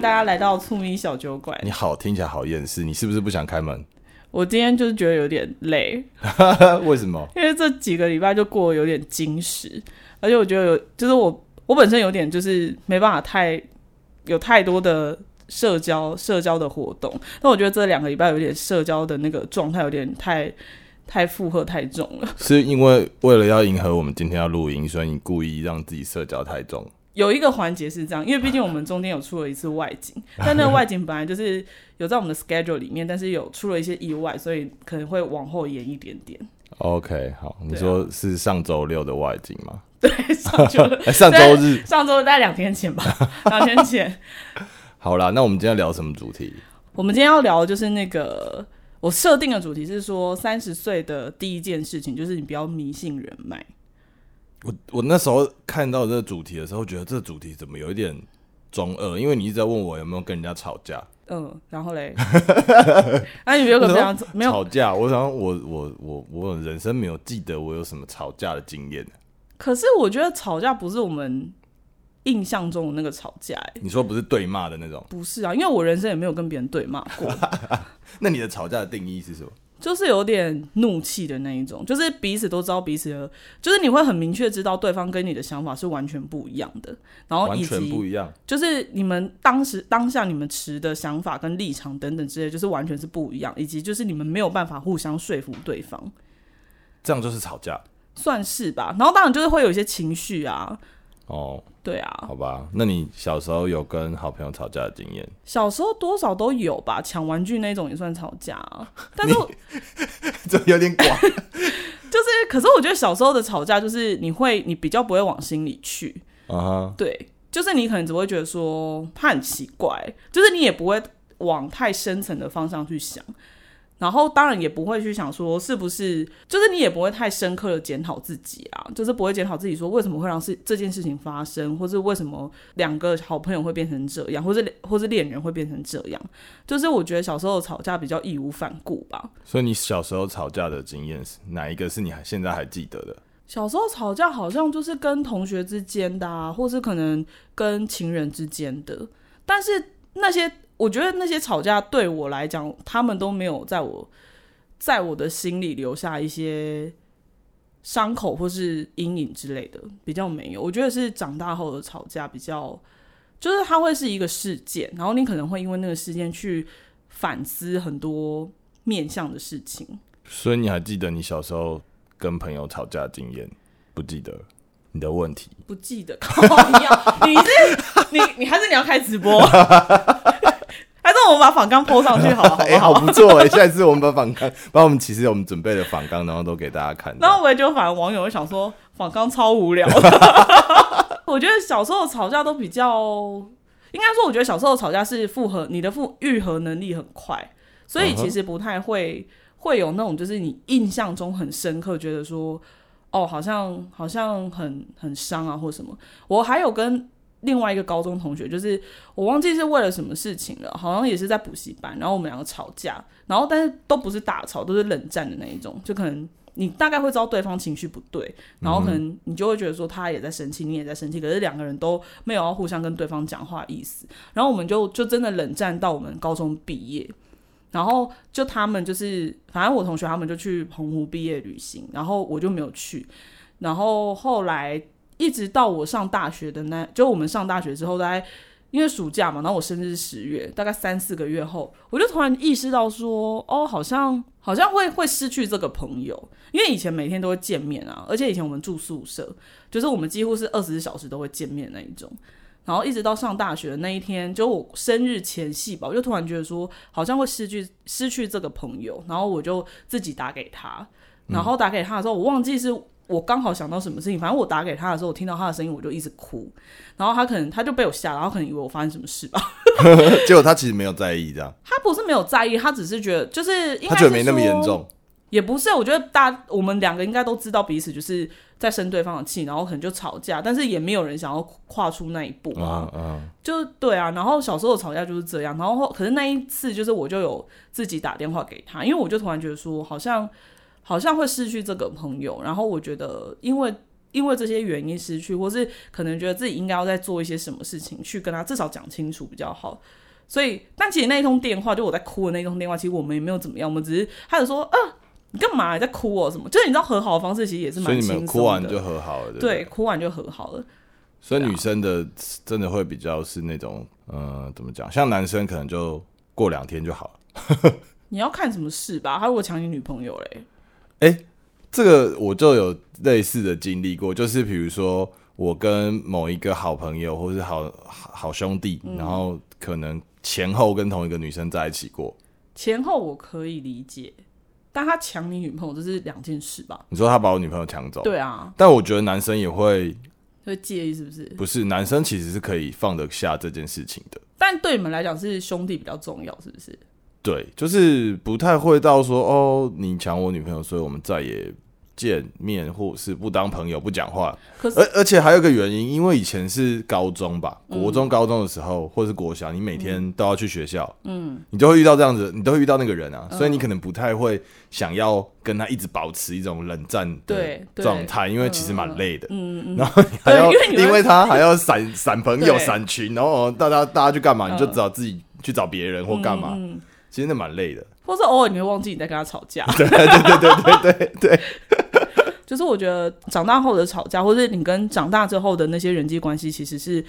大家來到促咪小酒館。你好，聽起來好厭世，你是不是不想開門？我今天就是覺得有點累。 為什麼？因為這幾個禮拜就過得有點精實，而且我覺得有，就是我我本身有點就是沒辦法太有太多的社交社交的活動，但我覺得這兩個禮拜有點社交的那個狀態有點太太負荷太重了。是因為為了要迎合我們今天要錄音，所以你故意讓自己社交太重？有一個環節是這樣，因為畢竟我們中間有出了一次外景， 但那個外景本來就是有在我們的 schedule 裡面，但是有出了一些意外，所以可能會往後延一點點。OK，好，啊、你說是上周六的外景嗎？對，上周六、 欸，上周日，上周大概兩天前吧，兩 天前。好啦，那我們今天要聊什麼主題？我們今天要聊的就是那個我設定的主題是說三十歲的第一件事情，就是你不要迷信人脈。我我那時候看到這個主題的時候，覺得這個主題怎麼有一點中二？因為你一直在問我有沒有跟人家吵架。嗯、呃，然後嘞， 啊、你有沒有這樣？沒有吵架。我想我，我我我我人生沒有記得我有什麼吵架的經驗。可是我覺得吵架不是我們印象中的那個吵架。哎，你說不是對罵的那種？不是啊，因為我人生也沒有跟別人對罵過。 那你的吵架的定義是什麼？就是有點怒氣的那一種，就是彼此都知道彼此的，就是你會很明確知道對方跟你的想法是完全不一樣的，然後完全不一樣，就是你們當時當下你們持的想法跟立場等等之類，就是完全是不一樣，以及就是你們沒有辦法互相說服對方，這樣就是吵架，算是吧。然後當然就是會有一些情緒啊。哦，對啊，好吧，那你小時候有跟好朋友吵架的經驗？小時候多少都有吧，搶玩具那種也算吵架啊，但是這有點廣， 就是，可是我覺得小時候的吵架，就是你會，你比較不會往心裡去啊。Uh-huh. 對，就是你可能只會覺得說他很奇怪，就是你也不會往太深層的方向去想。然後當然也不會去想說是不是，就是你也不會太深刻的檢討自己啊，就是不會檢討自己說為什麼會讓事這件事情發生，或是為什麼兩個好朋友會變成這樣，或是或是戀人會變成這樣，就是我覺得小時候吵架比較義無反顧吧。所以你小時候吵架的經驗是哪一個是你還現在還記得的？小時候吵架好像就是跟同學之間的，啊，或是可能跟親人之間的，但是那些。我覺得那些吵架對我來講，他們都沒有在我在我的心裡留下一些傷口或是陰影之類的，比較沒有。我覺得是長大後的吵架比較，就是它會是一個事件，然後你可能會因為那個事件去反思很多面向的事情。所以你還記得你小時候跟朋友吵架經驗？不記得你的問題？不記得？ 你要你是你你還是你要開直播？ 我們把訪綱鋪上去，好了，哎、 欸，好不錯哎、欸。下一次我們把訪綱， 把我們其實我們準備的訪綱，然後都給大家看。然 後我也就反而網友會想說訪綱超無聊。 我覺得小時候吵架都比較，應該說我覺得小時候吵架是復合，你的復癒合能力很快，所以其實不太會、uh -huh. 會有那種就是你印象中很深刻，覺得說哦，好像好像很很傷啊，或什麼。我還有跟。另外一個高中同學，就是我忘記是為了什麼事情了，好像也是在補習班，然後我們兩個吵架，然後但是都不是大吵，都是冷戰的那一種，就可能你大概會知道對方情緒不對，然後可能你就會覺得說他也在生氣，你也在生氣，可是兩個人都沒有要互相跟對方講話的意思，然後我們就就真的冷戰到我們高中畢業，然後就他們就是反正我同學他們就去澎湖畢業旅行，然後我就沒有去，然後後來。一直到我上大學的那，就我們上大學之後，大概因為暑假嘛，然後我生日十月，大概三四個月後，我就突然意識到說，哦，好像好像會會失去這個朋友，因為以前每天都會見面啊，而且以前我們住宿舍，就是我們幾乎是二十四小時都會見面那一種，然後一直到上大學的那一天，就我生日前夕吧，我就突然覺得說，好像會失去失去這個朋友，然後我就自己打給他，然後打給他的時候，我忘記是。嗯我剛好想到什麼事情，反正我打給他的時候，我聽到他的聲音，我就一直哭，然後他可能他就被我嚇，然後可能以為我發生什麼事吧。 結果他其實沒有在意，這樣、啊。他不是沒有在意，他只是覺得就是，應該就是說，他覺得沒那麼嚴重，也不是。我覺得大我們兩個應該都知道彼此就是在生對方的氣，然後可能就吵架，但是也沒有人想要跨出那一步啊，啊。就對啊，然後小時候的吵架就是這樣，然後可是那一次就是我就有自己打電話給他，因為我就突然覺得說好像。好像會失去這個朋友，然後我覺得，因為因為這些原因失去，或是可能覺得自己應該要再做一些什麼事情，去跟他至少講清楚比較好。所以，但其實那一通電話，就我在哭的那一通電話，其實我們也沒有怎麼樣，我們只是他就說，呃，你幹嘛還在哭我、喔、什麼？就是你知道和好的方式其實也是蠻，所以你們哭完就和好了對對，對，哭完就和好了。所以女生的真的會比較是那種，呃，怎麼講？像男生可能就過兩天就好了。 你要看什麼事吧？他如果搶你女朋友嘞？哎、欸，這個我就有類似的經歷過，就是比如說我跟某一個好朋友或是好好兄弟，然後可能前後跟同一個女生在一起過，前後我可以理解，但他搶你女朋友這是兩件事吧？你說他把我女朋友搶走，對啊，但我覺得男生也會會介意，是不是？不是，男生其實是可以放得下這件事情的，但對你們來講是兄弟比較重要，是不是？對，就是不太會到說哦，你搶我女朋友，所以我們再也見面，或是不當朋友不講話。而而且還有一個原因，因為以前是高中吧，嗯，國中高中的時候，或是國小，你每天都要去學校，嗯，嗯，你就會遇到這樣子，你都會遇到那個人啊，嗯，所以你可能不太會想要跟他一直保持一種冷戰的狀態，對，對，因為其實蠻累的，嗯，嗯，然後你還要，因為你會，因為他還要散散朋友散群，然後大家大家去幹嘛，你就只好自己，嗯，去找別人或幹嘛。嗯其實那蠻累的，或是偶爾你會忘記你在跟他吵架。對對對對對對。就是我覺得長大後的吵架，或是你跟長大之後的那些人際關係，其實是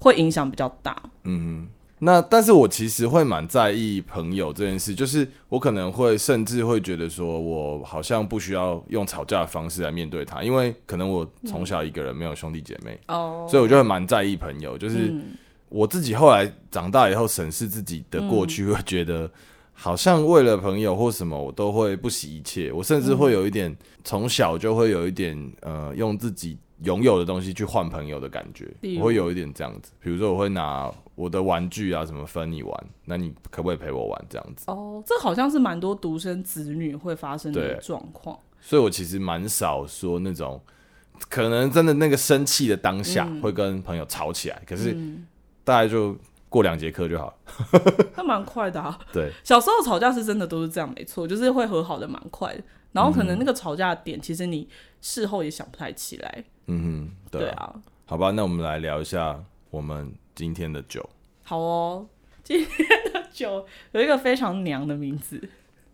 會影響比較大。嗯，那但是我其實會蠻在意朋友這件事，就是我可能會甚至會覺得說我好像不需要用吵架的方式來面對他，因為可能我從小一個人沒有兄弟姐妹哦、嗯，所以我就會蠻在意朋友，就是。嗯我自己後來長大以後審視自己的過去，會、嗯、覺得好像為了朋友或什麼，我都會不惜一切。我甚至會有一點從小就會有一點、嗯、呃，用自己擁有的東西去換朋友的感覺、嗯。我會有一點這樣子，比如說我會拿我的玩具啊什麼分你玩，那你可不可以陪我玩這樣子？哦，這好像是蠻多獨生子女會發生的狀況。對。所以我其實蠻少說那種，可能真的那個生氣的當下會跟朋友吵起來，嗯、可是。嗯大概就過兩節課就好了，， 那蠻快的啊。對，小時候吵架是真的都是這樣，沒錯，就是會和好的蠻快的。然後可能那個吵架點，其實你事後也想不太起來。嗯哼，對啊，對啊。好吧，那我們來聊一下我們今天的酒。好哦，今天的酒有一個非常娘的名字，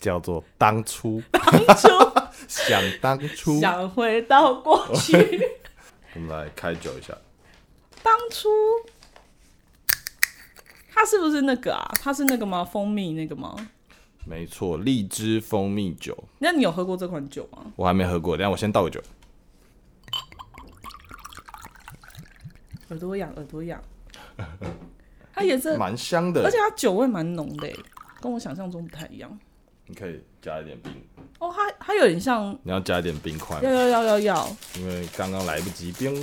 叫做當初。當初， 想當初，想回到過去。 我們來開酒一下。當初。它是不是那個啊？它是那個嗎？蜂蜜那個嗎？沒錯，荔枝蜂蜜酒。那你有喝過這款酒嗎？我還沒喝過，等下我先倒個酒。耳朵癢，耳朵癢。 它也是蠻香的，而且它酒味蠻濃的，跟我想象中不太一樣。你可以加一點冰。哦，它它有點像。你要加一點冰塊？要要要要要。因為剛剛來不及冰。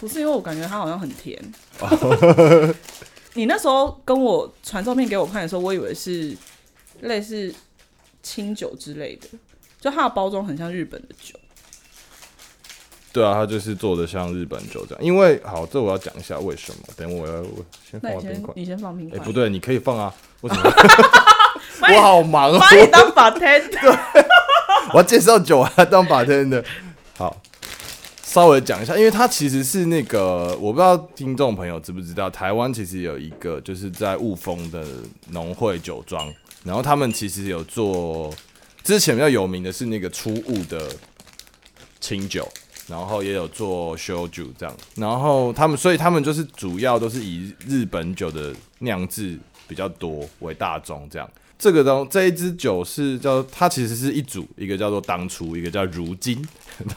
不是，因為我感覺它好像很甜。 你那時候跟我傳照片給我看的時候，我以為是類似清酒之類的，就它的包裝很像日本的酒。對啊，它就是做的像日本酒這樣。因為好，這我要講一下為什麼。等我要先放冰塊，你先放冰塊。哎、欸， 不對，你可以放啊。為什麼？我好忙、哦，我當 bartender 我要介紹酒，啊，當 bartender 好。稍微講一下，因為他其實是那個，我不知道聽眾朋友知不知道，台灣其實有一個就是在霧峰的農會酒莊，然後他們其實有做之前比較有名的是那個初霧的清酒，然後也有做燒酒這樣，然後他們，所以他們就是主要都是以日本酒的釀製比較多為大宗這樣。這個東，這一支酒是叫，它其實是一組，一個叫做當初，一個叫如今，如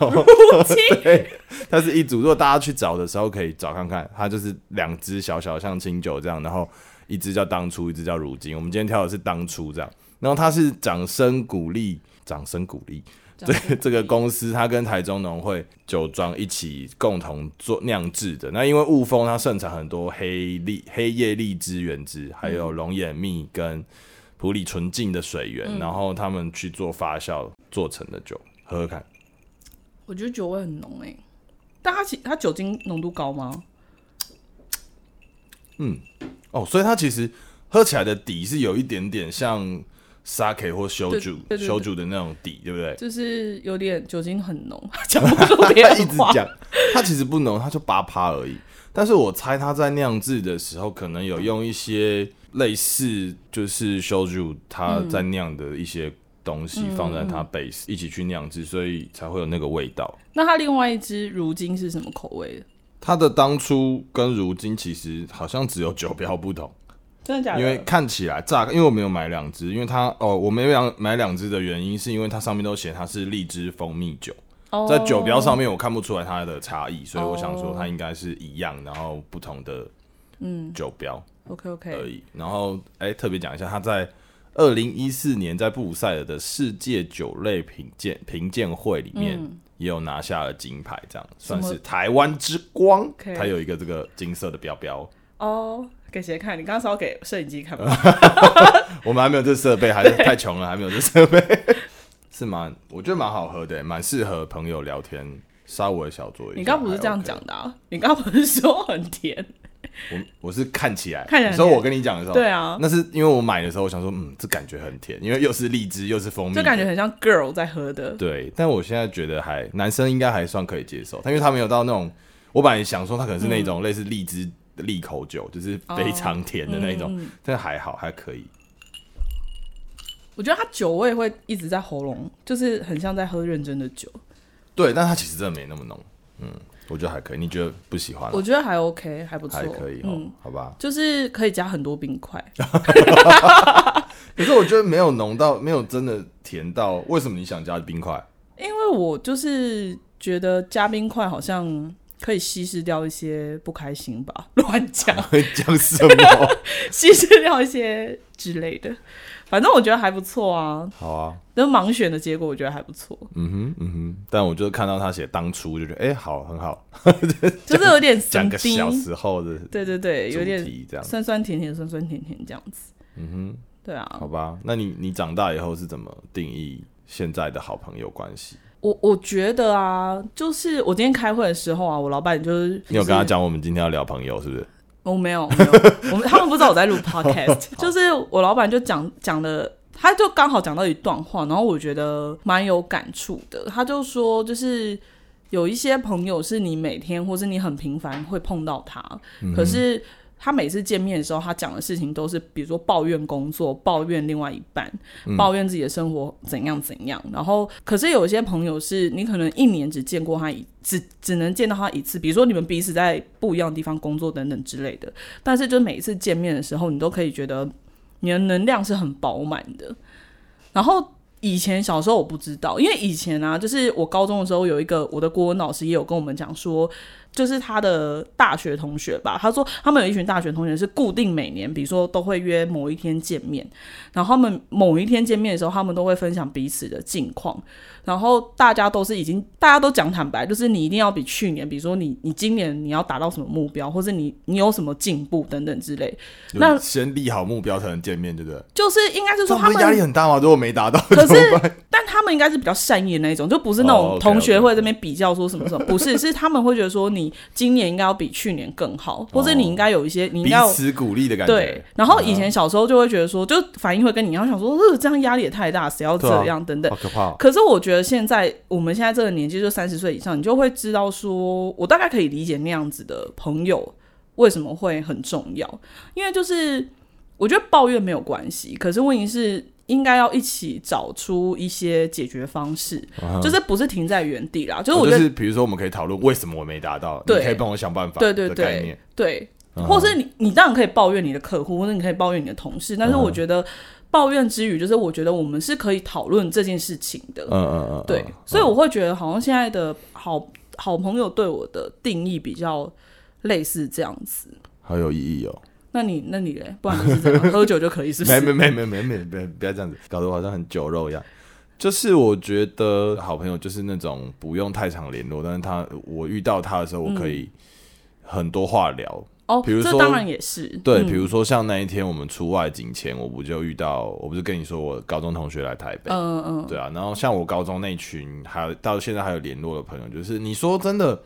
今 對，它是一組。如果大家去找的時候，可以找看看，它就是兩支小小的像清酒這樣，然後一支叫當初，一支叫如今。我們今天挑的是當初這樣，然後它是掌聲鼓勵，掌聲鼓勵。對， 這個公司它跟台中農會酒莊一起共同做釀製的。那因為霧峰它盛產很多黑黑葉荔枝原汁，還有龍眼蜜跟，嗯處理純淨的水源、嗯，然後他們去做發酵做成的酒，喝喝看。我覺得酒味很濃誒，但它其它酒精濃度高嗎？嗯，哦，所以它其實喝起來的底是有一點點像 sake 或 shochu shochu 的那種底，對不對？就是有點酒精很濃，講不出別的話 一直講它其實不濃，它就八趴而已。但是我猜它在釀制的時候可能有用一些。類似就是 showju 他在釀的一些東西、嗯，放在他 base 一起去釀製、嗯，所以才會有那個味道。那他另外一支如今是什麼口味的？他的當初跟如今其實好像只有酒標不同，真的假的？因為看起來炸，因為我沒有買兩支，因為他哦，我沒有兩買兩支的原因是因為它上面都寫它是荔枝蜂蜜酒、哦，在酒標上面我看不出來它的差異，所以我想說它應該是一樣、哦，然後不同的。嗯，酒標，OK OK 可以。然後，哎、欸，特別講一下，他在二零一四年在布魯塞爾的世界酒類品鑑品鑑會裡面、嗯，也有拿下了金牌，這樣算是台灣之光。他、okay. 有一個這個金色的標標哦，oh, 給誰看？你剛說給攝影機看嗎？ 我們還沒有這設備，還是太窮了，還沒有這設備。 是蠻，我覺得蠻好喝的，蠻適合朋友聊天，稍微小酌一下。你剛不是這樣講的、啊 OK，你剛不是說很甜？我我是看起來，所以我跟你講的時候，對啊，那是因為我買的時候，我想說，嗯，這感覺很甜，因為又是荔枝又是蜂蜜，就感覺很像 girl 在喝的。對，但我現在覺得還男生應該還算可以接受，但因為他沒有到那種，我本來想說他可能是那種類似荔枝、嗯、利口酒，就是非常甜的那種，哦嗯、但還好還可以。我覺得他酒味會一直在喉嚨，就是很像在喝認真的酒。對，但他其實真的沒那麼濃，嗯。我覺得還可以，你覺得不喜歡？我覺得還 OK，還不錯，還可以。嗯，好吧，就是可以加很多冰塊。 可是我覺得沒有濃到，沒有真的甜到。為什麼你想加冰塊？因為我就是覺得加冰塊好像可以稀釋掉一些不開心吧。亂講。講什麼？ 稀釋掉一些之類的。反正我覺得還不錯啊，好啊，那盲選的結果我覺得還不錯。嗯哼，嗯哼，但我就是看到他寫當初就覺得，哎、欸，好，很好，就是、 就是、有點講個小時候的，對對對，有點酸酸甜甜，酸酸甜甜這樣子。嗯哼，對啊，好吧，那你你長大以後是怎麼定義現在的好朋友關係？我我覺得啊，就是我今天開會的時候啊，我老板就是你有跟他講我們今天要聊朋友是不是？我、oh, 沒有，沒有 我們，他們不知道我在錄 podcast， 就是我老闆就講講的，他就剛好講到一段話，然後我覺得蠻有感觸的。他就說，就是有一些朋友是你每天或是你很頻繁會碰到他，嗯、可是。他每次見面的時候，他講的事情都是，比如說抱怨工作、抱怨另外一半、嗯、抱怨自己的生活怎樣怎樣。然後，可是有些朋友是你可能一年只見過他一，只只能見到他一次，比如說你們彼此在不一樣的地方工作等等之類的。但是，就每一次見面的時候，你都可以覺得你的能量是很飽滿的。然後以前小時候我不知道，因為以前啊，就是我高中的時候有一個我的國文老師也有跟我們講說。就是他的大學同學吧，他說他們有一群大學同學是固定每年，比如說都會約某一天見面，然後他們某一天見面的時候，他們都會分享彼此的近況，然後大家都是已經大家都講坦白，就是你一定要比去年，比如說你你今年你要達到什麼目標，或是你你有什麼進步等等之類，那先立好目標才能見面，對不對？就是應該是說他們壓力很大嗎？如果沒達到，怎麼辦？但他們應該是比較善意的那種，就不是那種同學會這邊比較說什麼什麼，oh, okay, okay. 不是，是他們會覺得說你今年應該要比去年更好， 或者你應該有一些，你應該要彼此鼓勵的感覺。對，然後以前小時候就會覺得說，就反應會跟你一樣，想說呃，這樣壓力也太大，誰要這樣等等，啊啊可怕、啊。可是我覺得現在我們現在這個年紀，就三十歲以上，你就會知道說我大概可以理解那樣子的朋友為什麼會很重要，因為就是我覺得抱怨沒有關係，可是問題是。應該要一起找出一些解決方式，uh -huh. 就是不是停在原地啦。就是我覺得，比如說我們可以討論為什麼我沒達到對，你可以幫我想辦法。對對對對，對 uh -huh. 或是你你當然可以抱怨你的客戶，或者你可以抱怨你的同事。但是我覺得抱怨之餘，就是我覺得我們是可以討論這件事情的。嗯嗯嗯，對。Uh -huh. 所以我會覺得，好像現在的好好朋友對我的定義比較類似這樣子，好有意義哦。那你那你嘞？不然就是怎樣，喝酒就可以是不是？ 沒沒沒沒沒沒，別，不要這樣子，搞得我好像很酒肉一樣。就是我覺得好朋友就是那種不用太常聯絡，但是他我遇到他的時候，我可以很多話聊。哦、嗯，oh, 比如說，當然也是對，比如說像那一天我們出外景前，嗯、我不就遇到？我不是跟你說我高中同學來台北？嗯嗯嗯。對啊，然後像我高中那群還，還有到現在還有聯絡的朋友，就是你說真的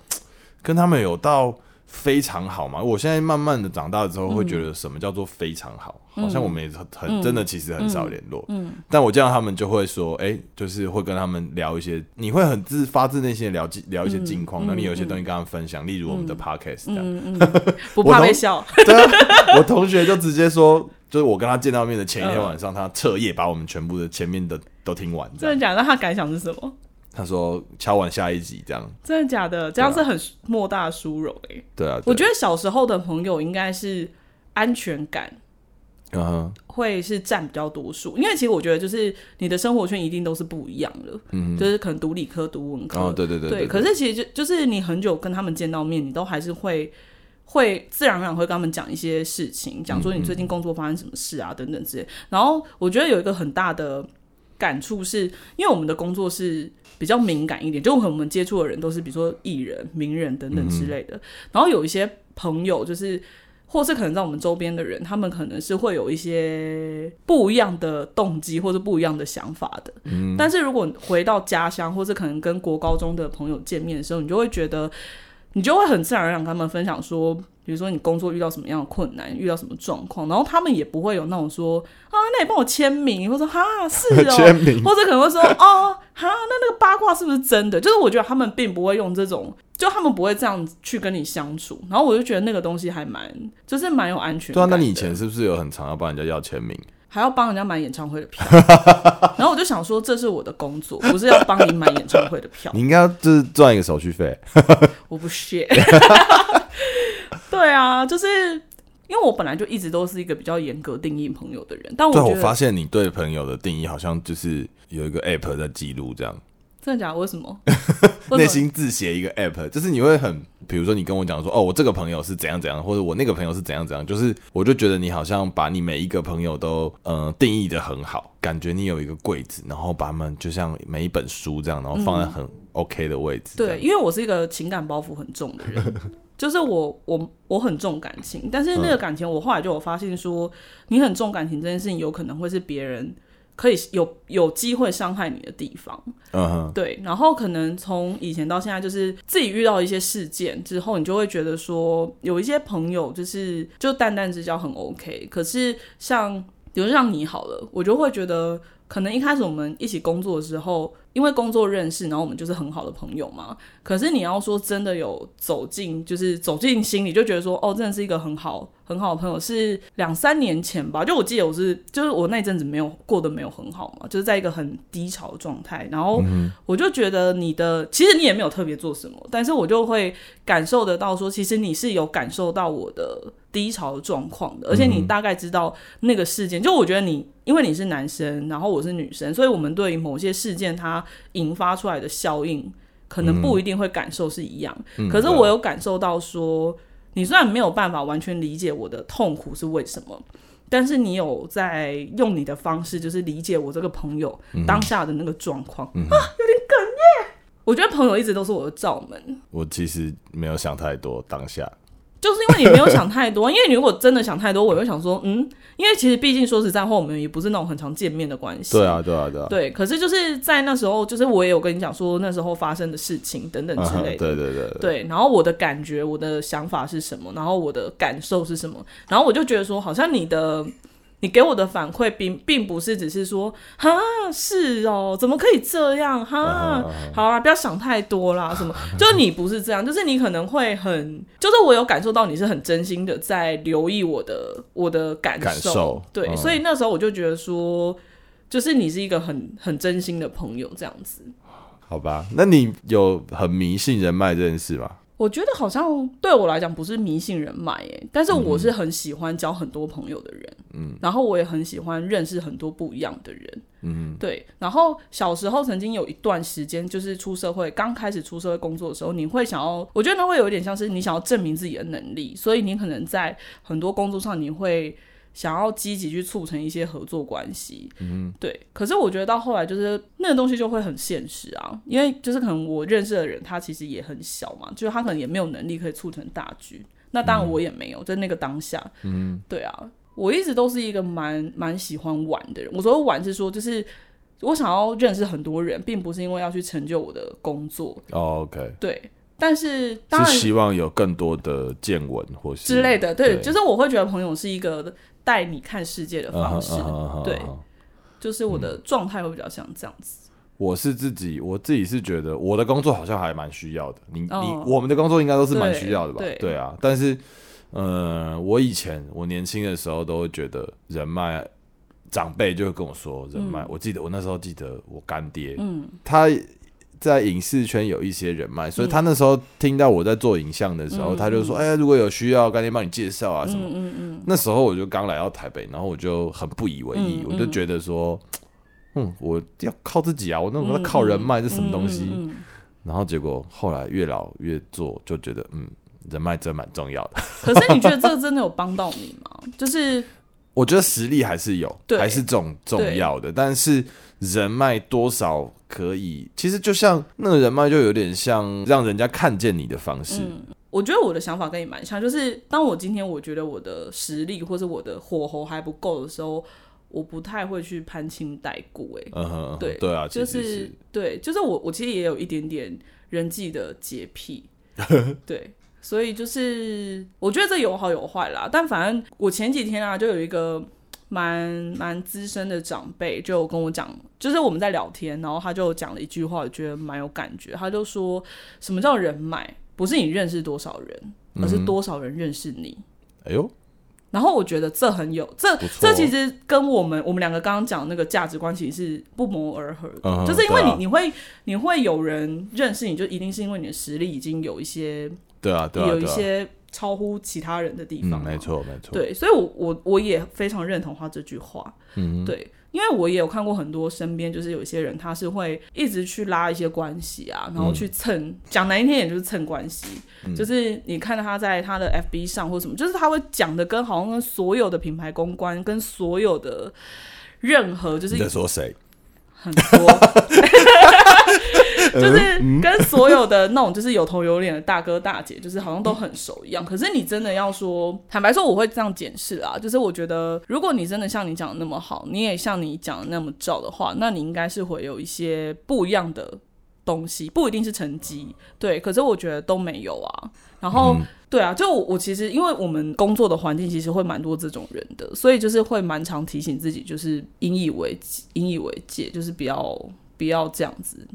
跟他們有到。非常好嘛！我現在慢慢的長大了之後，會覺得什麼叫做非常好？嗯、好像我們也很、嗯、真的，其實很少聯絡嗯嗯。嗯，但我見到他們就會說，哎、欸，就是會跟他們聊一些，你會很自發自內心的聊聊一些近況，那、嗯嗯、你有一些東西跟他們分享，嗯、例如我們的 podcast，這樣、嗯嗯嗯嗯、不怕被笑。 我同 對啊，我同學就直接說，就是我跟他見到面的前一天晚上，嗯、他徹夜把我們全部的前面的都聽完這樣。真的假的？他感想是什麼？他說：“敲完下一集，這樣真的假的？這樣是很莫大的殊榮哎、欸。對啊，對，我覺得小時候的朋友應該是安全感會是占比較多數。Uh-huh. 因為其實我覺得，就是你的生活圈一定都是不一樣的，嗯，就是可能讀理科、讀文科，哦、對，對，對對對。對，可是其實就就是你很久跟他們見到面，你都還是會會自然而然會跟他們講一些事情，講說你最近工作發生什麼事啊嗯嗯等等之類。然後我覺得有一個很大的感觸，是因為我們的工作是。比較敏感一點，就和我們接觸的人都是，比如說藝人、名人等等之類的。嗯嗯。然後有一些朋友，就是，或是可能在我們周邊的人，他們可能是會有一些不一樣的動機或者不一樣的想法的。嗯。但是如果回到家鄉，或是可能跟國高中的朋友見面的時候，你就會覺得，你就會很自然而然讓他們分享說。比如說你工作遇到什麼樣的困難，遇到什麼狀況，然後他們也不會有那種說啊，那你幫我簽名，或者哈、啊、是哦、喔、簽名，或者可能會說啊哈那那個八卦是不是真的？就是我覺得他們並不會用這種，就他們不會這樣去跟你相處。然後我就覺得那個東西還蠻，就是蠻有安全的。對啊，那你以前是不是有很常要幫人家要簽名，還要幫人家買演唱會的票？ 然後我就想說，這是我的工作，不是要幫你買演唱會的票。你應該就是賺一個手續費。 我不屑 share。 對啊，就是因為我本來就一直都是一個比較嚴格定義朋友的人，但我，我發現你對朋友的定義好像就是有一個 app 在記錄這樣，真的假的？我什麼？ APP，為什麼？內心自寫一個 app，就是你會很，比如說你跟我講說，哦，我這個朋友是怎樣怎樣，或者我那個朋友是怎樣怎樣，就是我就覺得你好像把你每一個朋友都嗯、呃、定義得很好，感覺你有一個櫃子，然後把他們就像每一本書這樣，然後放在很 OK 的位置，嗯。對，因為我是一個情感包袱很重的人。 就是我我我很重感情，但是那個感情我後來就我發現說，你很重感情這件事情，有可能會是別人可以有有機會傷害你的地方。嗯、uh-huh. 對。然後可能從以前到現在，就是自己遇到一些事件之後，你就會覺得說，有一些朋友就是就淡淡之交很 OK，可是像比如像你好了，我就會覺得。可能一開始我們一起工作的時候，因為工作認識，然後我們就是很好的朋友嘛。可是你要說真的有走進，就是走進心裡，就覺得說，哦，真的是一個很好很好的朋友。是兩三年前吧，就我記得我是，就是我那陣子沒有過得沒有很好嘛，就是在一個很低潮的狀態。然後我就覺得你的，嗯、其實你也沒有特別做什麼，但是我就會感受得到說，其實你是有感受到我的低潮狀況的，而且你大概知道那個事件。就我覺得你。因為你是男生，然後我是女生，所以我們對於某些事件，它引發出來的效應，可能不一定會感受是一樣。嗯、可是我有感受到說、嗯，你雖然沒有辦法完全理解我的痛苦是為什麼，但是你有在用你的方式，就是理解我這個朋友當下的那個狀況、嗯嗯、啊，有點哽咽。我覺得朋友一直都是我的罩門。我其實沒有想太多，當下。就是因為你沒有想太多， 因為你如果真的想太多，我會想說，嗯，因為其實畢竟說實在話，我們也不是那種很常見面的關係。對啊，對啊，對啊。對，可是就是在那時候，就是我也有跟你講說那時候發生的事情等等之類的。啊、對，對對對。對，然後我的感覺、我的想法是什麼，然後我的感受是什麼，然後我就覺得說，好像你的。你給我的反饋並並不是只是說，哈、啊，是哦，怎麼可以這樣哈、啊？好啊，不要想太多啦，什麼？就你不是這樣， 就是你可能會很，就是我有感受到你是很真心的在留意我的我的感受，感受對、嗯，所以那時候我就覺得說，就是你是一個很很真心的朋友這樣子。好吧，那你有很迷信人脈這件事吧？我覺得好像對我來講不是迷信人脈誒，但是我是很喜歡交很多朋友的人，嗯，然後我也很喜歡認識很多不一樣的人，嗯，對。然後小時候曾經有一段時間，就是出社會剛開始出社會工作的時候，你會想要，我覺得那會有一點像是你想要證明自己的能力，所以你可能在很多工作上你會。想要積極去促成一些合作關係，嗯，對。可是我覺得到後來就是那個東西就會很現實啊，因為就是可能我認識的人他其實也很小嘛，就他可能也沒有能力可以促成大局。那當然我也沒有，在、嗯、那個當下，嗯，對啊，我一直都是一個蠻蠻喜歡玩的人。我說玩是說就是我想要認識很多人，並不是因為要去成就我的工作。哦、OK，對。但是當然是希望有更多的見聞或是之類的對。對，就是我會覺得朋友是一個。帶你看世界的方式，啊啊啊啊啊啊啊、對、嗯，就是我的狀態會比較像這樣子。我是自己，我自己是覺得我的工作好像還蠻需要的。你、哦、你，我們的工作應該都是蠻需要的吧？對、對。對啊。但是，呃，我以前我年輕的時候都會覺得人脈，長輩就會跟我說人脈、嗯。我記得我那時候記得我乾爹，嗯，他。在影視圈有一些人脈，所以他那時候聽到我在做影像的時候，嗯、他就說：“哎、欸，如果有需要，趕緊幫你介紹啊什麼。嗯嗯嗯”，那時候我就剛來到台北，然後我就很不以為意，嗯嗯、我就覺得說：“嗯，我要靠自己啊，我那我靠人脈是什麼東西？”嗯嗯嗯、然後結果後來越老越做，就覺得嗯，人脈真蠻重要的。可是你覺得這個真的有幫到你嗎？ 就是。我覺得實力還是有，還是重重要的，但是人脈多少可以，其實就像那個人脈，就有點像讓人家看見你的方式。嗯、我覺得我的想法跟你蠻像，就是當我今天我覺得我的實力或是我的火候還不夠的時候，我不太會去攀親帶故。哎、嗯嗯，對對啊，就是，是對，就是我我其實也有一點點人際的潔癖， 對。所以就是，我覺得這有好有壞啦。但反正我前幾天啊，就有一個蠻蠻資深的長輩就跟我講，就是我們在聊天，然後他就講了一句話，我覺得蠻有感覺。他就說什麼叫人脈，不是你認識多少人，而是多少人認識你。嗯、哎呦，然後我覺得這很有，這這其實跟我們我們兩個剛剛講的那個價值觀其實是不謀而合的、嗯，就是因為你、啊、你會你會有人認識你，就一定是因為你的實力已經有一些。對啊，對啊，對啊對啊，有一些超乎其他人的地方、嗯，沒錯，沒錯。對，所以我，我我我也非常認同他這句話。嗯，對，因為我也有看過很多身邊，就是有些人他是會一直去拉一些關係啊，然後去蹭，嗯、講難聽點就是蹭關係。嗯、就是你看到他在他的 FB 上或什麼，就是他會講的跟好像跟所有的品牌公關跟所有的任何就是你說誰？很多。 就是跟所有的那種，就是有頭有臉的大哥大姐，就是好像都很熟一樣。可是你真的要說，坦白說，我會這樣解釋啊，就是我覺得，如果你真的像你講的那麼好，你也像你講的那麼照的話，那你應該是會有一些不一樣的東西，不一定是成績，對。可是我覺得都沒有啊。然後，對啊，就我其實因為我們工作的環境其實會蠻多這種人的，所以就是會蠻常提醒自己，就是引以為戒，引以為戒，就是比較。不要這樣子。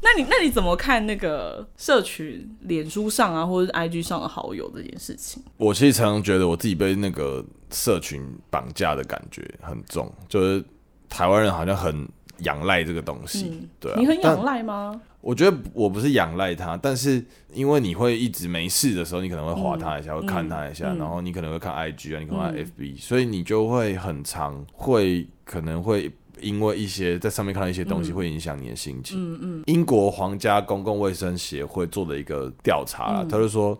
那你那你怎麼看那個社群、臉書上啊，或者是 I G 上的好友這件事情？我其實常常覺得我自己被那個社群綁架的感覺很重，就是台灣人好像很仰賴這個東西。嗯、對、啊，你很仰賴嗎？我覺得我不是仰賴他，但是因為你會一直沒事的時候，你可能會滑他一下、嗯，會看他一下、嗯，然後你可能會看 I G 啊，你可能會看 F B，、嗯、所以你就會很常會可能會。因為一些在上面看到一些東西會影響你的心情。嗯嗯嗯。英國皇家公共衛生協會做的一個調查啦、嗯，他就說，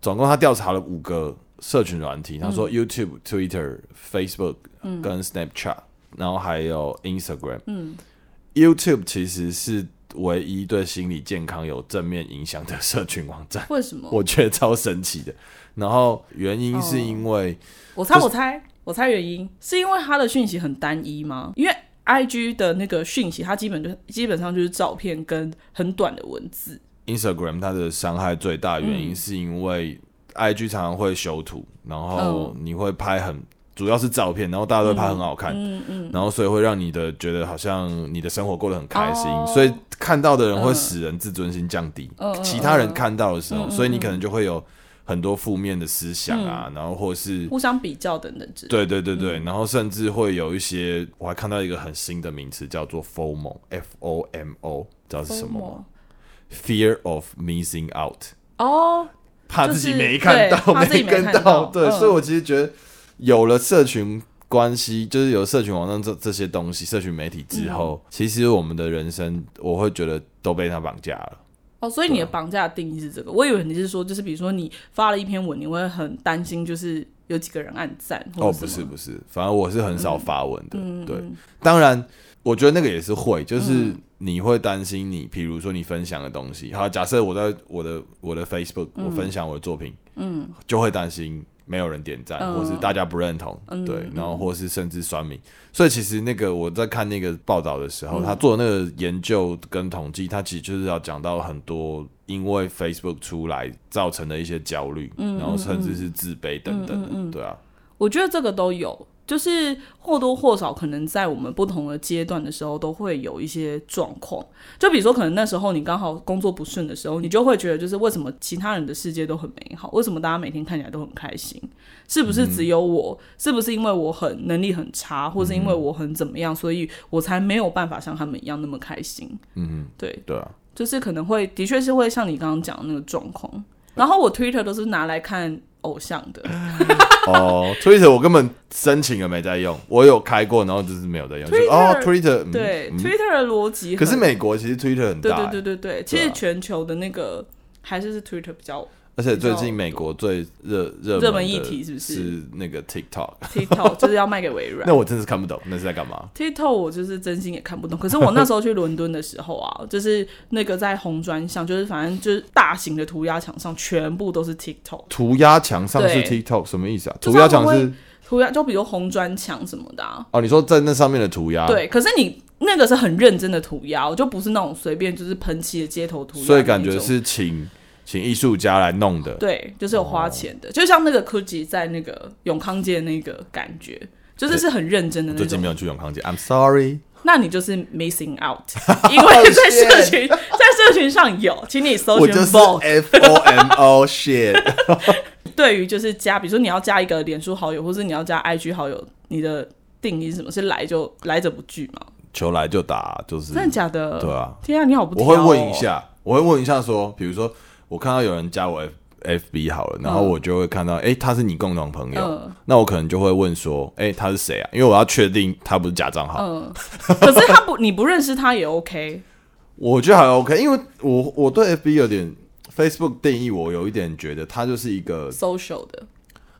總共他調查了五個社群軟體、嗯，他說 YouTube、Twitter、Facebook、、嗯、Twitter、Facebook、跟 Snapchat，然後還有 Instagram、嗯。YouTube 其實是唯一對心理健康有正面影響的社群網站。為什麼？我覺得超神奇的。然後原因是因為是、哦、我猜，我猜，我猜原因是因為它的訊息很單一嗎？因為 IG 的那個訊息，它基本就基本上就是照片跟很短的文字。Instagram 它的傷害最大原因是因為 IG 常常會修圖、嗯，然後你會拍很、嗯、主要是照片，然後大家都會拍很好看，嗯嗯，嗯，然後所以會讓你的覺得好像你的生活過得很開心，哦、所以看到的人會使人自尊心降低。嗯、其他人看到的時候，嗯、所以你可能就會有。很多負面的思想啊，嗯、然後或者是互相比較等等之類的那種。對對對對、嗯，然後甚至會有一些，我還看到一個很新的名詞叫做 FOMO，F O M O，知道是什麼嗎？Fear of missing out。哦、oh, 就是，怕自己沒看到，沒跟到。嗯、對，所以我其實覺得，有了社群關係，就是有社群網站這這些東西，社群媒體之後、嗯，其實我們的人生，我會覺得都被他綁架了。哦，所以你的綁架的定義是這個？我以為你是說，就是比如說你發了一篇文，你會很擔心，就是有幾個人按讚。哦，不是不是，反正我是很少發文的。嗯、對、嗯，當然，我覺得那個也是會，就是你會擔心你，嗯、比如說你分享的東西。好，假設我在我的我的，我的 Facebook，我分享我的作品，嗯，就會擔心。沒有人點讚、嗯，或是大家不認同、嗯，對，然後或是甚至酸民、嗯，所以其實那個我在看那個報道的時候，嗯、他做的那個研究跟統計，他其實就是要講到很多因為 Facebook 出來造成的一些焦慮，嗯、然後甚至是自卑等等的、嗯，對啊，我覺得這個都有。就是或多或少，可能在我們不同的階段的時候，都會有一些狀況。就比如說，可能那時候你剛好工作不順的時候，你就會覺得，就是為什麼其他人的世界都很美好，為什麼大家每天看起來都很開心？是不是只有我？是不是因為我很能力很差，或是因為我很怎麼樣，所以我才沒有辦法像他們一樣那麼開心？嗯嗯，對對啊，就是可能會，的確是會像你剛剛講的那個狀況。然後我 Twitter 都是拿來看。偶像的 哦，Twitter 我根本申請了沒在用，我有開過，然後就是沒有在用。 哦，Twitter 對，嗯，Twitter 的邏輯。可是美國其實 Twitter 很大。對對對對對，對啊，其實全球的那個還是是 Twitter 比較。而且最近美國最熱熱熱門議題是不是是那個 TikTok TikTok 就是要賣給微軟？ 那我真的是看不懂，那是在幹嘛？TikTok 我就是真心也看不懂。可是我那時候去倫敦的時候啊， 就是那個在紅磚牆，就是反正就是大型的塗鴉牆上，全部都是 TikTok。塗鴉牆上是 TikTok 什麼意思啊？塗鴉牆是塗鴉，就比如紅磚牆什麼的啊。哦，你說在那上面的塗鴉？對。可是你那個是很認真的塗鴉，我就不是那種隨便就是噴漆的街頭塗鴉。所以感覺是請請藝術家來弄的，對，就是有花錢的，oh. 就像那個 k o o i 在那個永康街的那個感覺，就是是很認真的那種。欸、最近沒有去永康街，I'm sorry。那你就是 missing out， 因為在社群 在社群上有，請你搜尋 bol FOMO shit。對於就是加，比如說你要加一個臉書好友，或是你要加 IG 好友，你的定義是什麼？是來就來者不拒嘛？求來就打，就是真的假的？對啊，天啊，你好不、喔？我會問一下，我會問一下說，比如說。我看到有人加我 F F B 好了，然後我就會看到，哎、嗯、欸，他是你共同朋友，呃，那我可能就會問說，哎、欸，他是誰啊？因為我要確定他不是假賬號，呃。可是他不， 你不認識他也 O、OK、K。我覺得還 O、OK, K，因為我我對 F B 有點 Facebook 定義，我有一點覺得他就是一個 social 的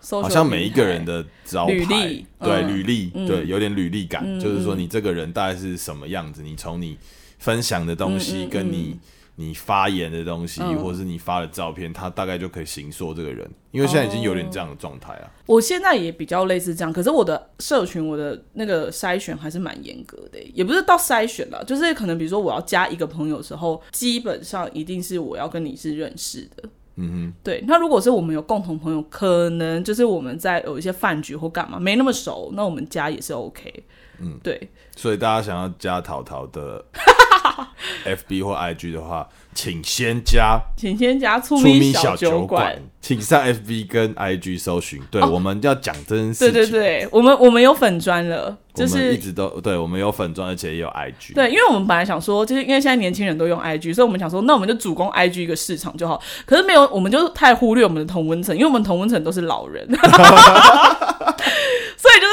，social 好像每一個人的招牌，對履歷，嗯，對，履歷、嗯、對有點履歷感、嗯，就是說你這個人大概是什麼樣子，你從你分享的東西跟你。嗯嗯嗯你發言的東西，嗯、或者是你發的照片，他大概就可以形塑這個人，因為現在已經有點這樣的狀態啊。我現在也比較類似這樣，可是我的社群，我的那個篩選還是蠻嚴格的、欸，也不是到篩選了，就是可能比如說我要加一個朋友的時候，基本上一定是我要跟你是認識的。嗯哼，對。那如果是我們有共同朋友，可能就是我們在有一些飯局或幹嘛沒那麼熟，那我們加也是 OK。嗯，對。所以大家想要加淘淘的。 F B 或 I G 的話，請先加，請先加促咪小酒館，請上 F B 跟 I G 搜尋。對、哦、我們要講真事，對對對，我們我們有粉專了，就是一直都對我們有粉專，而且也有 I G。對，因為我們本來想說，就是因為現在年輕人都用 I G，所以我們想說，那我們就主攻 I G 一個市場就好。可是沒有，我們就太忽略我們的同溫層，因為我們同溫層都是老人。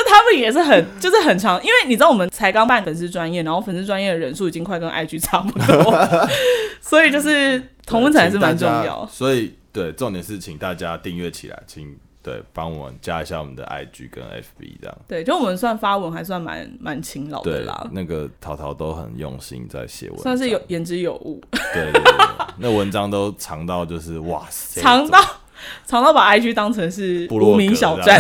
他們也是很，就是很長，因為你知道我們才剛辦粉絲專業然後粉絲專業的人數已經快跟 IG 差不多， 所以就是同文還是蠻重要。所以對重點是請大家訂閱起來請對幫我們加一下我們的 IG 跟 FB 這樣。對就我們算發文還算蠻蠻勤勞的啦。那個淘淘都很用心在寫文，算是有言之有物。對，對，對，對， 那文章都長到就是哇塞，長到長到把 IG 當成是無名小站。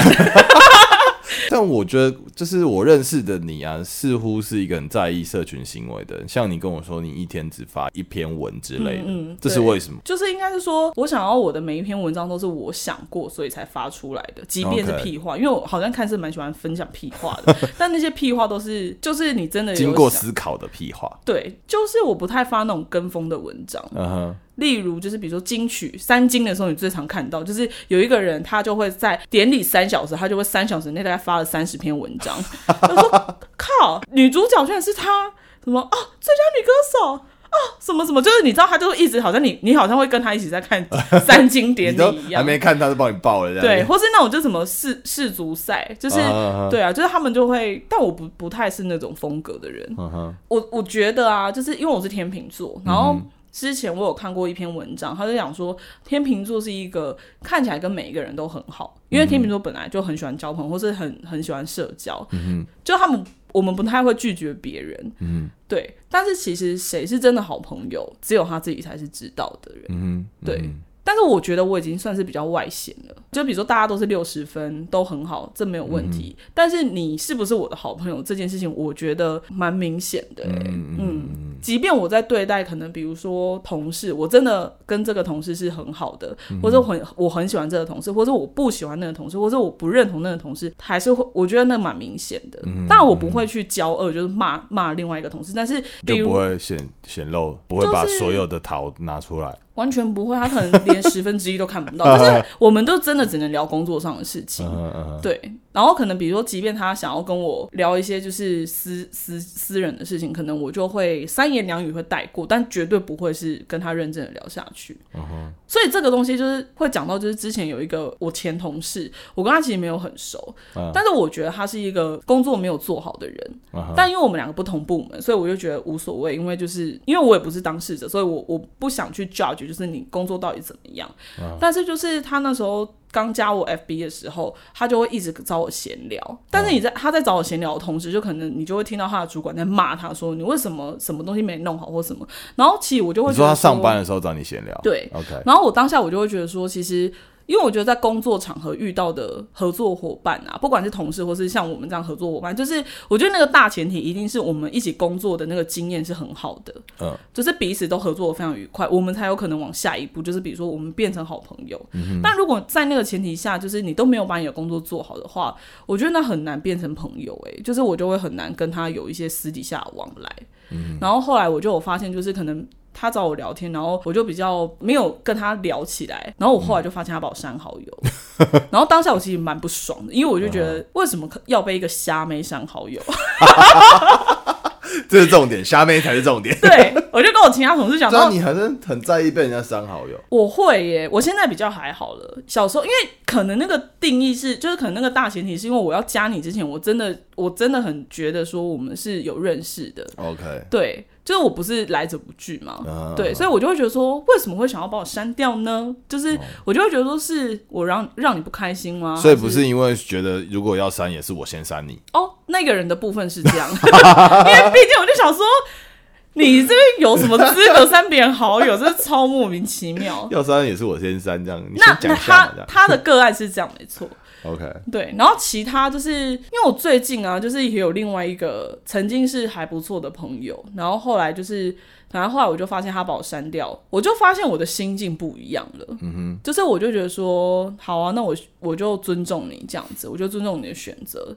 但我覺得，就是我認識的你啊，似乎是一個很在意社群行為的。像你跟我說，你一天只發一篇文之類的，嗯嗯、這是為什麼？就是應該是說，我想要我的每一篇文章都是我想過，所以才發出來的，即便是屁話，Okay. 因為我好像看似蠻喜歡分享屁話的。 但那些屁話都是，就是你真的經過思考的屁話。對，就是我不太發那種跟風的文章。嗯哼。例如，就是比如說金曲三金的時候，你最常看到就是有一個人，他就會在典禮三小時，他就會三小時內大概發了三十篇文章。 他說靠，女主角居然是他，什麼啊，最佳女歌手啊，什麼什麼，就是你知道，他就一直好像你，你好像會跟他一起在看三金典禮一樣， 你還沒看他就幫你報了樣，對，或是那種就什麼世世足賽，就是啊哈啊哈對啊，就是他們就會，但我不不太是那種風格的人，啊、我我覺得啊，就是因為我是天秤座，然後。嗯之前我有看過一篇文章，他就講說，天秤座是一個看起來跟每一個人都很好，因為天秤座本來就很喜歡交朋友，或是很很喜歡社交，嗯，就他們我們不太會拒絕別人，嗯，對。但是其實誰是真的好朋友，只有他自己才是知道的人，嗯，嗯，對。嗯但是我覺得我已經算是比較外顯了，就比如說大家都是六十分，都很好，這沒有問題。嗯、但是你是不是我的好朋友這件事情，我覺得蠻明顯的、欸。嗯、嗯，即便我在對待可能比如說同事，我真的跟這個同事是很好的，嗯、或者很我很喜歡這個同事，或者我不喜歡那個同事，或者我不認同那個同事，還是會我覺得那蠻明顯的、嗯。但我不會去交惡，就是罵罵另外一個同事，但是比如就不會顯顯露，不會把所有的桃拿出來。就是完全不會，他可能連十分之一都看不到。 但是我們都真的只能聊工作上的事情， 對。然後可能比如說，即便他想要跟我聊一些就是私私私人的事情，可能我就會三言兩語會帶過，但絕對不會是跟他認真的聊下去。 所以這個東西就是會講到，就是之前有一個我前同事，我跟他其實沒有很熟， 但是我覺得他是一個工作沒有做好的人。 但因為我們兩個不同部門，所以我就覺得無所謂，因為就是因為我也不是當事者，所以我我不想去 judge。就是你工作到底怎麼樣？哦、但是就是他那時候剛加我 FB 的時候，他就會一直找我閒聊。但是你在他在找我閒聊的同時、哦，就可能你就會聽到他的主管在罵他，說你為什麼什麼東西沒弄好或什麼。然後其實我就會覺得說，說他上班的時候找你閒聊，對，OK。然後我當下我就會覺得說，其實。因為我覺得在工作場合遇到的合作夥伴啊，不管是同事或是像我們這樣合作夥伴，就是我覺得那個大前提一定是我們一起工作的那個經驗是很好的，嗯，就是彼此都合作得非常愉快，我們才有可能往下一步。就是比如說我們變成好朋友，但如果在那個前提下，就是你都沒有把你的工作做好的話，我覺得那很難變成朋友。哎，就是我就會很難跟他有一些私底下往來。嗯，然後後來我就發現，就是可能。他找我聊天，然後我就比較沒有跟他聊起來。然後我後來就發現他把我刪好友， 然後當下我其實蠻不爽的，因為我就覺得為什麼要被一個蝦妹刪好友？ 這是重點，蝦妹才是重點。對，我就跟我其他同事講說，那 你還是很在意被人家刪好友。我會耶，我現在比較還好了。小時候因為可能那個定義是，就是可能那個大前提是因為我要加你之前，我真的。我真的很覺得說我們是有認識的，OK，對，就是我不是來者不拒嘛，uh, 對，所以我就會覺得說，為什麼會想要把我刪掉呢？就是我就會覺得說，是我讓讓你不開心嗎？所以不是因為覺得如果要刪也是我先刪你哦，那個人的部分是這樣， 因為畢竟我就想說，你這邊有什麼資格刪別人好友？ 這超莫名其妙。 要刪也是我先刪，這樣，你先講一下他，他的個案是這樣， 沒錯。OK，對，然後其他就是因為我最近啊，就是也有另外一個曾經是還不錯的朋友，然後後來就是，然後後來我就發現他把我刪掉，我就發現我的心境不一樣了。嗯哼，就是我就覺得說，好啊，那我我就尊重你這樣子，我就尊重你的選擇。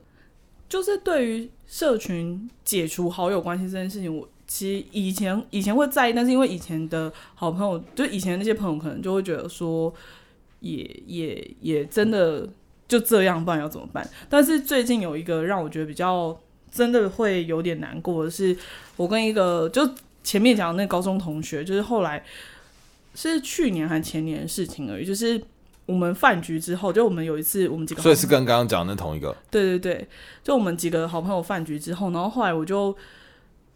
就是對於社群解除好友關係這件事情，我其實以前以前會在意，但是因為以前的好朋友，就以前那些朋友可能就會覺得說，也也也真的。嗯就這樣，不然要怎麼辦？但是最近有一個讓我覺得比較真的會有點難過的是，我跟一個就前面講的那高中同學，就是後來是去年還是前年的事情而已。就是我們飯局之後，就我們有一次我們幾個，所以是跟剛剛講的那同一個。對對對，就我們幾個好朋友飯局之後，然後後來我就，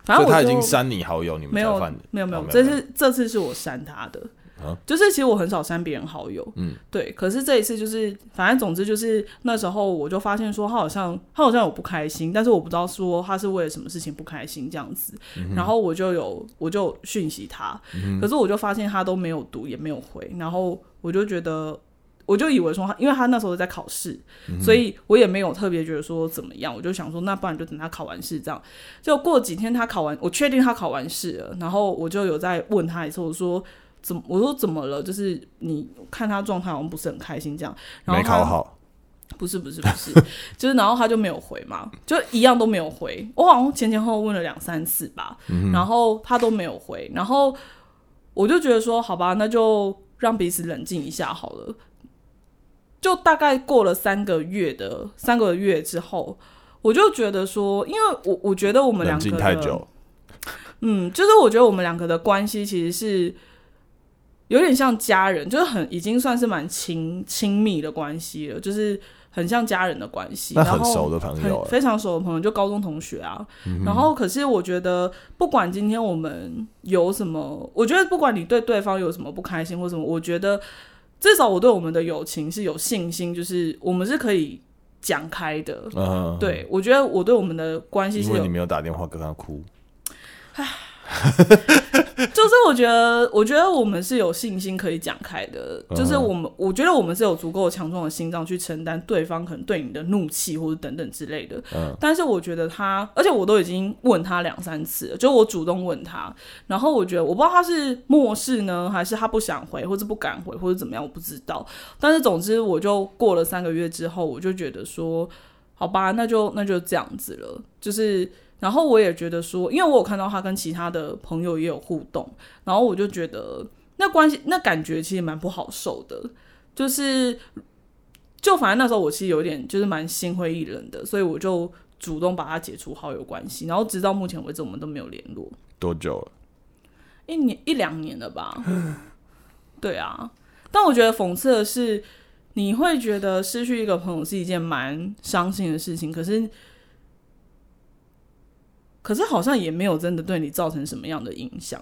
反正我就他已經刪你好友，你們沒有沒有沒有，哦，沒有沒有，這是這次是我刪他的。啊、就是其實我很少刪別人好友，嗯，對。可是這一次就是，反正總之就是那時候我就發現說他好像他好像有不開心，但是我不知道說他是為了什麼事情不開心這樣子。然後我就有、嗯、我就訊息他、嗯，可是我就發現他都沒有讀也沒有回。然後我就覺得我就以為說他，因為他那時候在考試、嗯，所以我也沒有特別覺得說怎麼樣。我就想說，那不然就等他考完試這樣。就過幾天他考完，我確定他考完試了，然後我就有再問他一次，我說。怎我說怎麼了？就是你看他狀態好像不是很開心，這樣。然後沒考好，不是不是不是， 就是然後他就沒有回嘛，就一樣都沒有回。我好像前前後後問了兩三次吧，然後他都沒有回。然後我就覺得說，好吧，那就讓彼此冷靜一下好了。就大概過了三個月的三個月之後，我就覺得說，因為我我覺得我們兩個的，嗯，就是我覺得我們兩個的關係其實是。有點像家人，就是很已經算是蠻親親密的關係了，就是很像家人的關係。那很熟的朋友，非常熟的朋友，就高中同學啊。嗯、然後，可是我覺得，不管今天我們有什麼，我覺得不管你對對方有什麼不開心或什麼，我覺得至少我對我們的友情是有信心，就是我們是可以講開的，嗯。對，我覺得我對我們的關係是。如果你沒有打電話跟他哭。唉 就是我覺得，我覺得我們是有信心可以講開的。就是我們，我覺得我們是有足夠強壯的心臟去承擔對方可能對你的怒氣或者等等之類的。但是我覺得他，而且我都已經問他兩三次了，就是我主動問他，然後我覺得我不知道他是漠視呢，還是他不想回，或者不敢回，或者怎麼樣，我不知道。但是總之，我就過了三個月之後，我就覺得說，好吧，那就那就這樣子了。就是。然後我也覺得說，因為我有看到他跟其他的朋友也有互動，然後我就覺得那關係那感覺其實蠻不好受的，就是就反正那時候我其實有點就是蠻心灰意冷的，所以我就主動把他解除好友關係，然後直到目前為止我們都沒有聯絡。多久了？一年一兩年了吧？ 對啊，但我覺得諷刺的是，你會覺得失去一個朋友是一件蠻傷心的事情，可是。可是好像也沒有真的對你造成什麼樣的影響，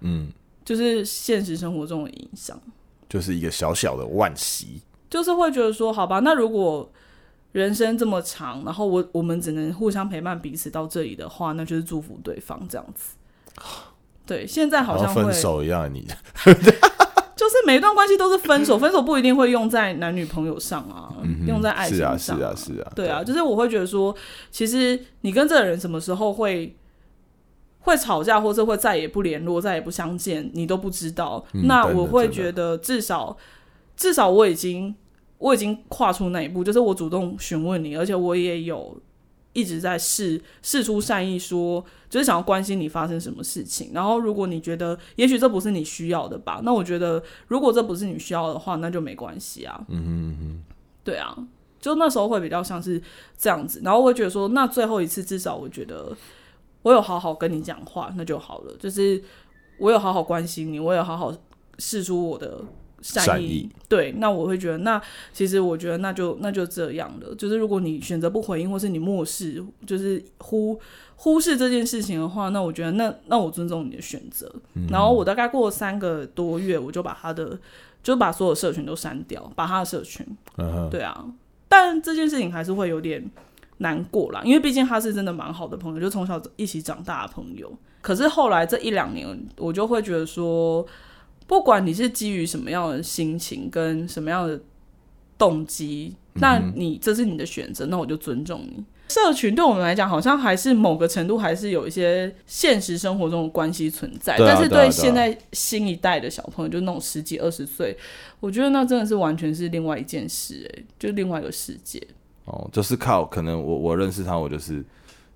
嗯，就是現實生活中的影響，就是一個小小的惋惜，就是會覺得說，好吧，那如果人生這麼長，然後我我們只能互相陪伴彼此到這裡的話，那就是祝福對方這樣子，對，現在好像會好像分手一樣，你。 每一段關係都是分手，分手不一定會用在男女朋友上啊，嗯、用在愛情上、啊是啊。是啊，是啊，對啊對，就是我會覺得說，其實你跟這個人什麼時候會會吵架，或者會再也不聯絡、再也不相見，你都不知道。嗯、那我會覺得至少至少我已經我已經跨出那一步，就是我主動詢問你，而且我也有。一直在試試出善意說，說就是想要關心你發生什麼事情。然後如果你覺得，也許這不是你需要的吧，那我覺得如果這不是你需要的話，那就沒關係啊。嗯嗯嗯，對啊，就那時候會比較像是這樣子。然後我會覺得說，那最後一次至少我覺得我有好好跟你講話，那就好了。就是我有好好關心你，我有好好試出我的。善意，善意對，那我會覺得，那其實我覺得那就那就這樣了。就是如果你選擇不回應，或是你漠視，就是忽忽視這件事情的話，那我覺得那那我尊重你的選擇。嗯、然後我大概過了三個多月，我就把他的，就把所有社群都刪掉，把他的社群、嗯。對啊，但這件事情還是會有點難過啦，因為畢竟他是真的蠻好的朋友，就從小一起長大的朋友。可是後來這一兩年，我就會覺得說。不管你是基於什麼樣的心情跟什麼樣的動機、嗯，那你這是你的選擇，那我就尊重你。社群對我們來講，好像還是某個程度還是有一些現實生活中的關係存在、啊，但是對現在新一代的小朋友、啊啊啊，就那種十幾二十歲，我覺得那真的是完全是另外一件事、欸，哎，就另外一個世界。哦，就是靠，可能我我認識他，我就是。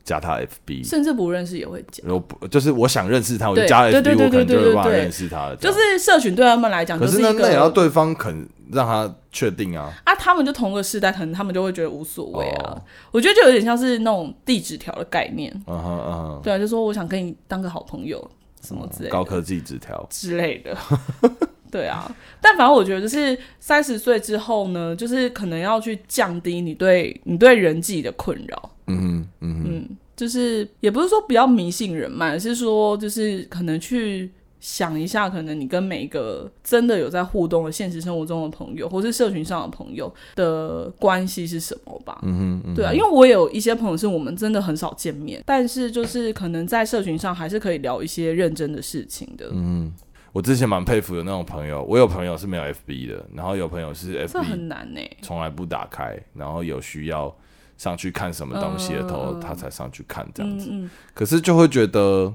加他 FB，甚至不認識也會加。我不就是我想認識他，我一加 FB，我對對對無認識他。就是社群對他們來講，可是那也要對方肯讓他確定啊。啊，他們就同個世代，可能他們就會覺得無所謂啊。Oh. 我覺得就有點像是那種遞紙條的概念。嗯哼，對啊，就說我想跟你當個好朋友什麼之類的、嗯，高科技紙條之類的。 對啊，但反正我覺得就是三十歲之後呢，就是可能要去降低你對你對人際的困擾。嗯哼，嗯哼，嗯就是也不是說比較迷信人脈，而是說就是可能去想一下，可能你跟每一個真的有在互動的現實生活中的朋友，或是社群上的朋友的關係是什麼吧嗯。嗯哼，對啊，因為我有一些朋友是我們真的很少見面，但是就是可能在社群上還是可以聊一些認真的事情的。嗯，我之前蠻佩服的那種朋友，我有朋友是沒有 FB 的，然後有朋友是 FB 這很難呢、欸，從來不打開，然後有需要。上去看什麼東西的時候、呃，他才上去看這樣子、嗯嗯，可是就會覺得，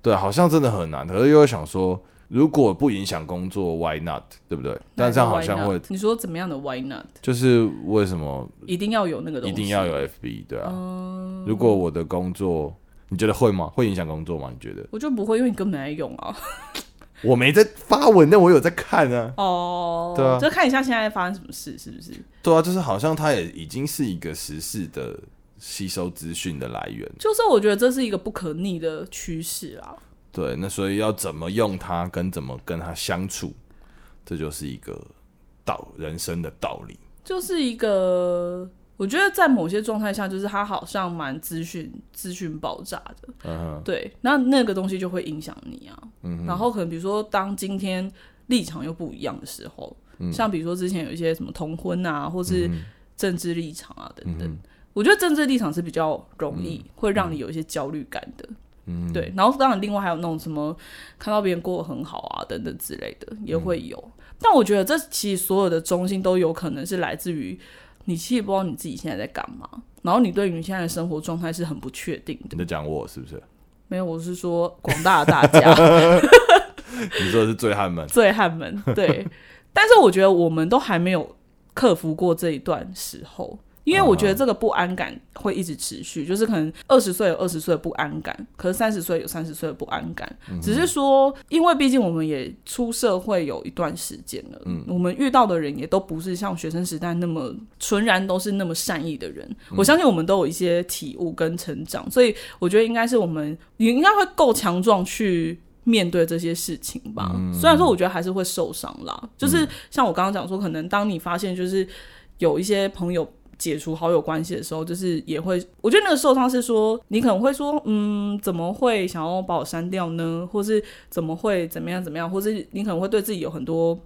對，好像真的很難。可是又會想說，如果不影響工作，Why not？對不對不？但這樣好像會……你說怎麼樣的 Why not？就是為什麼一定要有那個東西？一定要有 FB 對啊、呃。如果我的工作，你覺得會嗎？會影響工作嗎？你覺得？我就不會，因為你根本沒用啊。 我沒在發文，但我有在看啊。哦，oh，對啊，就看一下現在發生什麼事，是不是？對啊，就是好像它也已經是一個時事的吸收資訊的來源。就是我覺得這是一個不可逆的趨勢啊。對，那所以要怎麼用它，跟怎麼跟它相處，這就是一個道人生的道理。就是一個。我覺得在某些狀態下，就是他好像蠻資訊資訊爆炸的，uh -huh. 對，那那個東西就會影響你啊。Uh -huh. 然後可能比如說，當今天立場又不一樣的時候，uh -huh. 像比如說之前有一些什麼同婚啊，或是政治立場啊等等，uh -huh. 我覺得政治立場是比較容易、uh -huh. 會讓你有一些焦慮感的，uh -huh. 對。然後當然，另外還有那種什麼看到別人過得很好啊等等之類的，也會有。Uh -huh. 但我覺得這其實所有的中心都有可能是來自於。你其實不知道你自己現在在幹嘛，然後你對於你現在的生活狀態是很不確定的。你在講我是不是？沒有，我是說廣大的大家。 你說的是醉漢們？醉漢們，對。 但是我覺得我們都還沒有克服過這一段時候。因為我覺得這個不安感會一直持續，Wow. 就是可能二十歲有二十歲的不安感，可是三十歲有三十歲的不安感。Mm -hmm. 只是說，因為畢竟我們也出社會有一段時間了，嗯、mm -hmm.，我們遇到的人也都不是像學生時代那麼純然都是那麼善意的人。Mm -hmm. 我相信我們都有一些體悟跟成長，所以我覺得應該是我們應該會夠強壯去面對這些事情吧。Mm -hmm. 雖然說我覺得還是會受傷啦，就是像我剛剛講說，可能當你發現就是有一些朋友。解除好友關係的時候，就是也會，我覺得那個受傷是說，你可能會說，嗯，怎麼會想要把我刪掉呢？或是怎麼會怎麼樣怎麼樣？或是你可能會對自己有很多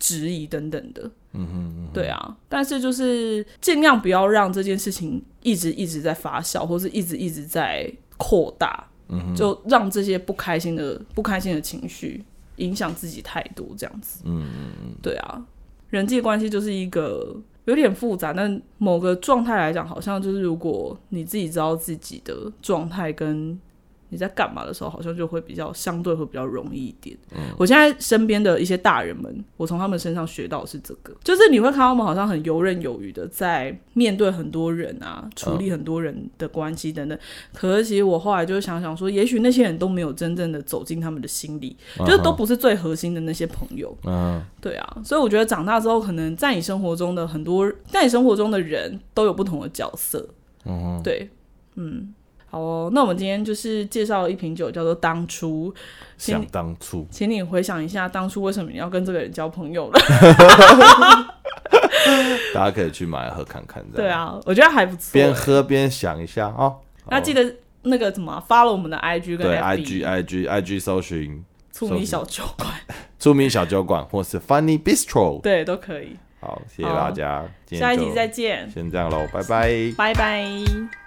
質疑等等的。嗯哼嗯哼，對啊。但是就是盡量不要讓這件事情一直一直在發酵，或是一直一直在擴大，嗯。就讓這些不開心的不開心的情緒影響自己太多，這樣子。嗯，對啊。人際關係就是一個。有點複雜，但某個狀態來講，好像就是如果你自己知道自己的狀態跟。你在幹嘛的時候，好像就會比較相對會比較容易一點。我現在身邊的一些大人們，我從他們身上學到的是這個，就是你會看他們好像很游刃有餘的在面對很多人啊，處理很多人的關係等等。可是其實我後來就想想說，也許那些人都沒有真正的走進他們的心裡，就是都不是最核心的那些朋友。嗯，對啊。所以我覺得長大之後，可能在你生活中的很多，在你生活中的人都有不同的角色。嗯，對，嗯。好哦，那我們今天就是介紹一瓶酒，叫做當初。想當初，請你回想一下當初為什麼你要跟這個人交朋友了 大家可以去買來喝看看。對啊，我覺得還不錯。邊喝邊想一下啊、哦，那記得那個什麼、啊，發了我們的 IG 跟 i i g IG、IG 搜尋促咪小酒館，促咪小酒館或是 Funny Bistro，對，都可以。好，謝謝大家，下一集再見，先這樣嘍，拜拜，拜拜。